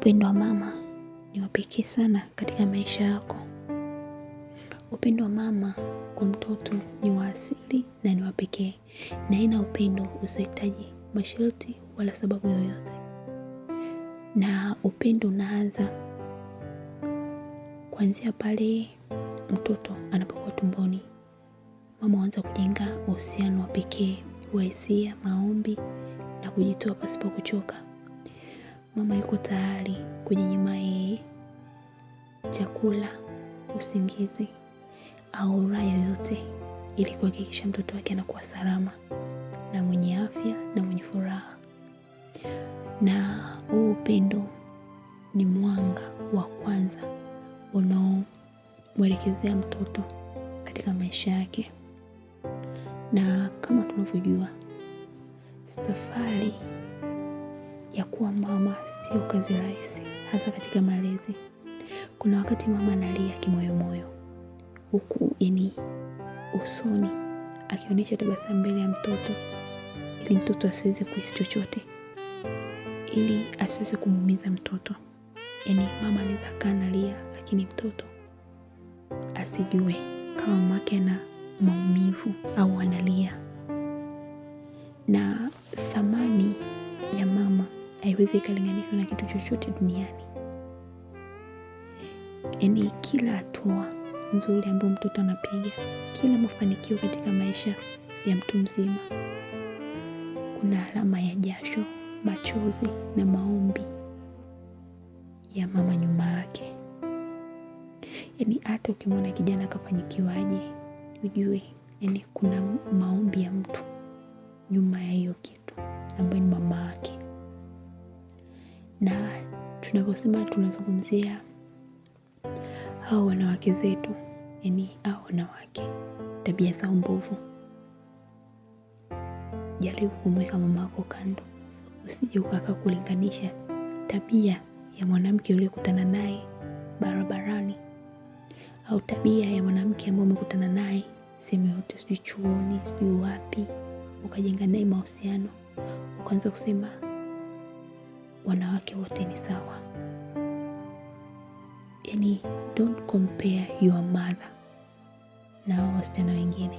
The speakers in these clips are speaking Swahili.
Upendo wa mama ni wa pekee sana katika maisha yako. Upendo wa mama kwa mtoto ni wa asili na ni wa pekee, na ina upendo usiohitaji masharti wala sababu yoyote, na upendo unaanza kuanzia pale mtoto anapokuwa tumboni. Mama huanza kujenga uhusiano wa pekee wahisia maombi na kujitoa pasipo kuchoka mama yuko tayari kwenye nyuma yeye chakula, usingizi au raha yoyote ili kuhakikisha mtoto wake anakuwa salama na mwenye afya na mwenye furaha. Na huu upendo ni mwanga wa kwanza unaomwelekezea mtoto katika maisha yake, na kama tunavyojua safari ya kuwa mama sio kazi rahisi, hasa katika malezi. Kuna wakati mama analia kimoyomoyo, huku yani usoni akionyesha tabasamu mbele ya mtoto, ili mtoto asiweze kuhisi chochote, ili asiweze kumuumiza mtoto. Yani mama anaweza kaa analia, lakini mtoto asijue kama mamake ana maumivu au analia na haiwezi ikalinganishwa na kitu chochote duniani. Yaani kila hatua nzuri ambayo mtoto anapiga, kila mafanikio katika maisha ya mtu mzima, kuna alama ya jasho, machozi na maombi ya mama nyuma yake. Yaani hata ukimwona kijana akafanyikiwaje, ujue yaani kuna maombi ya mtu nyuma ya hiyo kitu ambayo ni mama yake na tunavyosema tunazungumzia hao wanawake zetu, yani hao wanawake tabia zao mbovu, jaribu kumweka mama wako kando, usije ukakaa kulinganisha tabia ya mwanamke uliokutana naye barabarani au tabia ya mwanamke ambaye umekutana naye sehemu yote, sijui chuoni, sijui wapi, ukajenga naye mahusiano, ukaanza kusema wanawake wote ni sawa. Yani, don't compare your mother na wasichana wengine.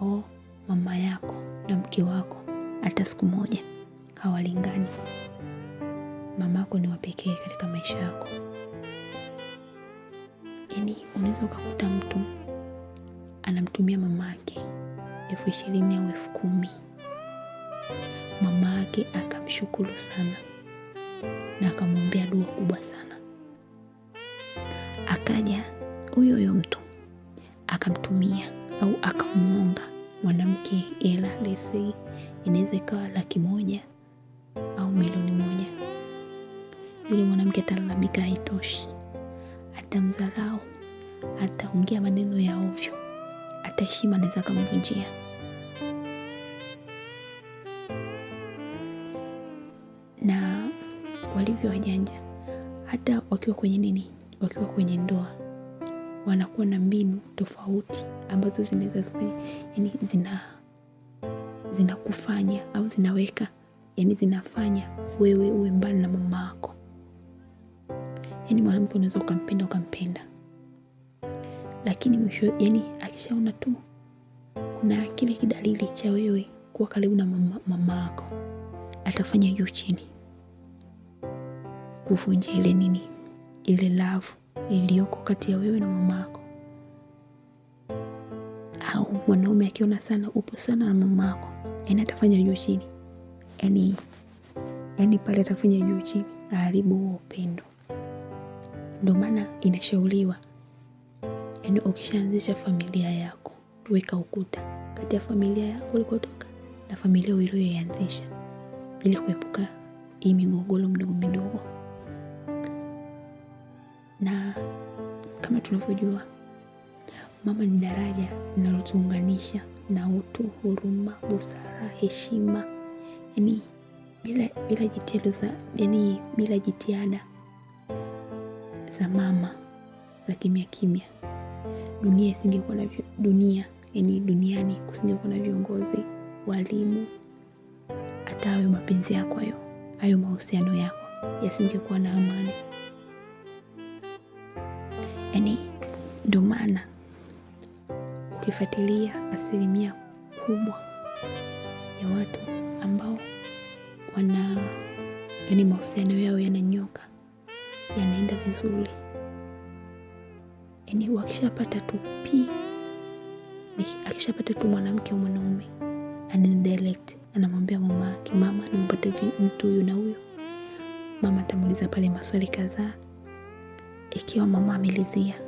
O, mama yako na mke wako hata siku moja hawalingani. Mamako ni wapekee katika maisha yako. Yani unaweza ukakuta mtu anamtumia mama ake elfu ishirini au elfu kumi yake akamshukuru sana na akamwombea dua kubwa sana. Akaja huyo huyo mtu akamtumia au akamwonga mwanamke ela lesi, inaweza ikawa laki moja au milioni moja. Yule mwanamke atalalamika, haitoshi, atamdharau, ataongea maneno ya ovyo, ataheshima anaweza akamvunjia. na walivyo wajanja hata wakiwa kwenye nini, wakiwa kwenye ndoa wanakuwa na mbinu tofauti ambazo zinaweza yani zina zinakufanya au zinaweka yani zinafanya wewe uwe mbali na mama yako. Yani mwanamke unaweza ukampenda ukampenda, lakini mwisho yani akishaona tu kuna kile kidalili cha wewe kuwa karibu na mama yako atafanya juu chini kuvunja ile nini, ile lavu iliyoko kati ya wewe na mamako. Au mwanaume akiona sana upo sana na mamako, yani atafanya juu chini, yaani yani pale atafanya juu chini, aharibu huo upendo. Ndio maana inashauriwa, yani ukishaanzisha familia yako, weka ukuta kati ya familia yako ulikotoka na familia uliyoianzisha, ili kuepuka hii migogoro midogo midogo na kama tunavyojua mama ni daraja linalotuunganisha na utu, huruma, busara, heshima. Yani bila, bila jitihada za yani bila jitihada za mama za kimya kimya dunia isingekuwa na dunia yani duniani kusingekuwa na viongozi, walimu, hata hayo mapenzi yako hayo hayo mahusiano yako yasingekuwa na amani. maana ukifuatilia asilimia kubwa ya watu ambao wana yani mahusiano yao yananyoka yanaenda vizuri yani wakishapata tu pi akishapata tu mwanamke au mwanaume anaenda direct anamwambia mama yake mama nimepata mtu huyu na huyu mama atamuuliza pale maswali kadhaa ikiwa mama amelizia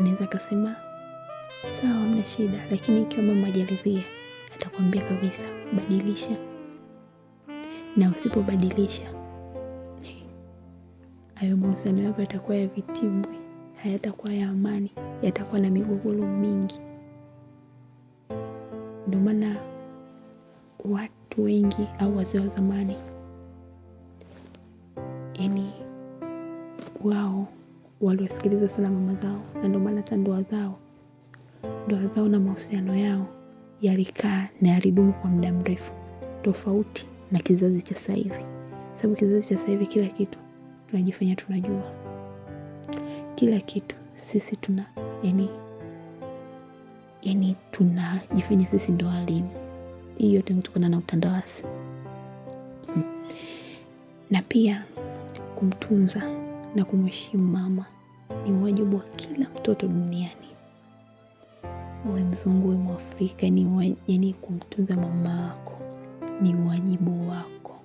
anaweza akasema sawa, hamna shida, lakini ikiwa mama hajaridhia atakwambia kabisa, badilisha, na usipobadilisha hayo mahusiano yako yatakuwa ya vitimbwi, hayatakuwa ya amani, yatakuwa na migogoro mingi. Ndio maana watu wengi au wazee wa zamani, yani wao waliwasikiliza sana mama zao, na ndio maana hata ndoa zao ndoa zao na mahusiano yao yalikaa na yalidumu kwa muda mrefu, tofauti na kizazi cha sasa hivi, sababu kizazi cha sasa hivi kila kitu tunajifanya tunajua kila kitu sisi tuna yani, yani tunajifanya sisi ndo walimu. Hii yote kutokana na utandawazi hmm. na pia kumtunza na kumheshimu mama ni wajibu wa kila mtoto duniani. Uwe mzungu, we Mwafrika, ni yani kumtunza mama yako ni wajibu wako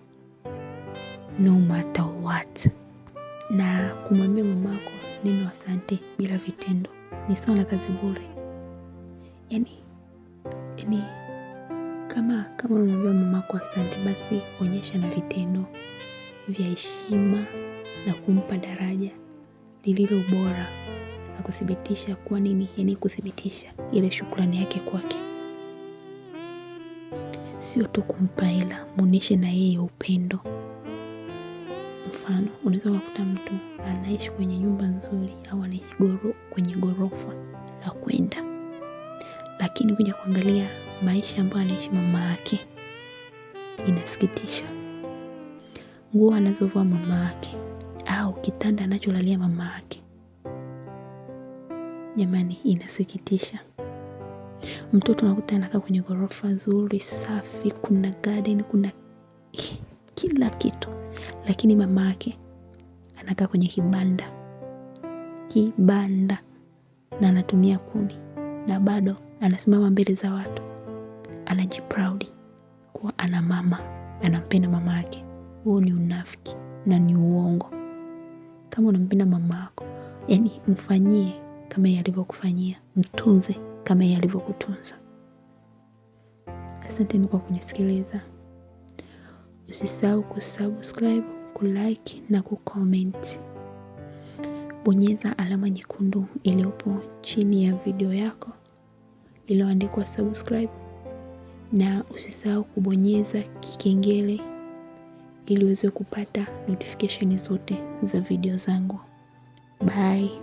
no matter what, na kumwambia mama yako neno asante bila vitendo ni sawa na kazi bure. yani, yani kama kama unamwambia mama yako asante, basi onyesha na vitendo vya heshima na kumpa daraja lililo bora na kuthibitisha kuwa nini, yaani kuthibitisha ile shukrani yake kwake. Sio tu kumpa hela, muoneshe na yeye upendo. Mfano, unaweza kukuta mtu anaishi kwenye nyumba nzuri au anaishi goro, kwenye ghorofa la kwenda, lakini kuja kuangalia maisha ambayo anaishi mama yake inasikitisha. Nguo anazovaa mama yake au kitanda anacholalia mama yake. Jamani, inasikitisha. Mtoto nakuta anakaa kwenye ghorofa nzuri safi, kuna garden, kuna kila kitu, lakini mama yake anakaa kwenye kibanda kibanda, na anatumia kuni, na bado anasimama mbele za watu, anajipraudi kuwa ana mama, anampenda mama yake. Huo ni unafiki na ni uongo kama unampenda mama yako, yani mfanyie kama yeye alivyokufanyia, mtunze kama yeye alivyokutunza. Asanteni kwa kunisikiliza. Usisahau kusubscribe, kulike na kucomment. Bonyeza alama nyekundu iliyopo chini ya video yako iliyoandikwa subscribe, na usisahau kubonyeza kikengele ili uweze kupata notification zote za video zangu. Bye.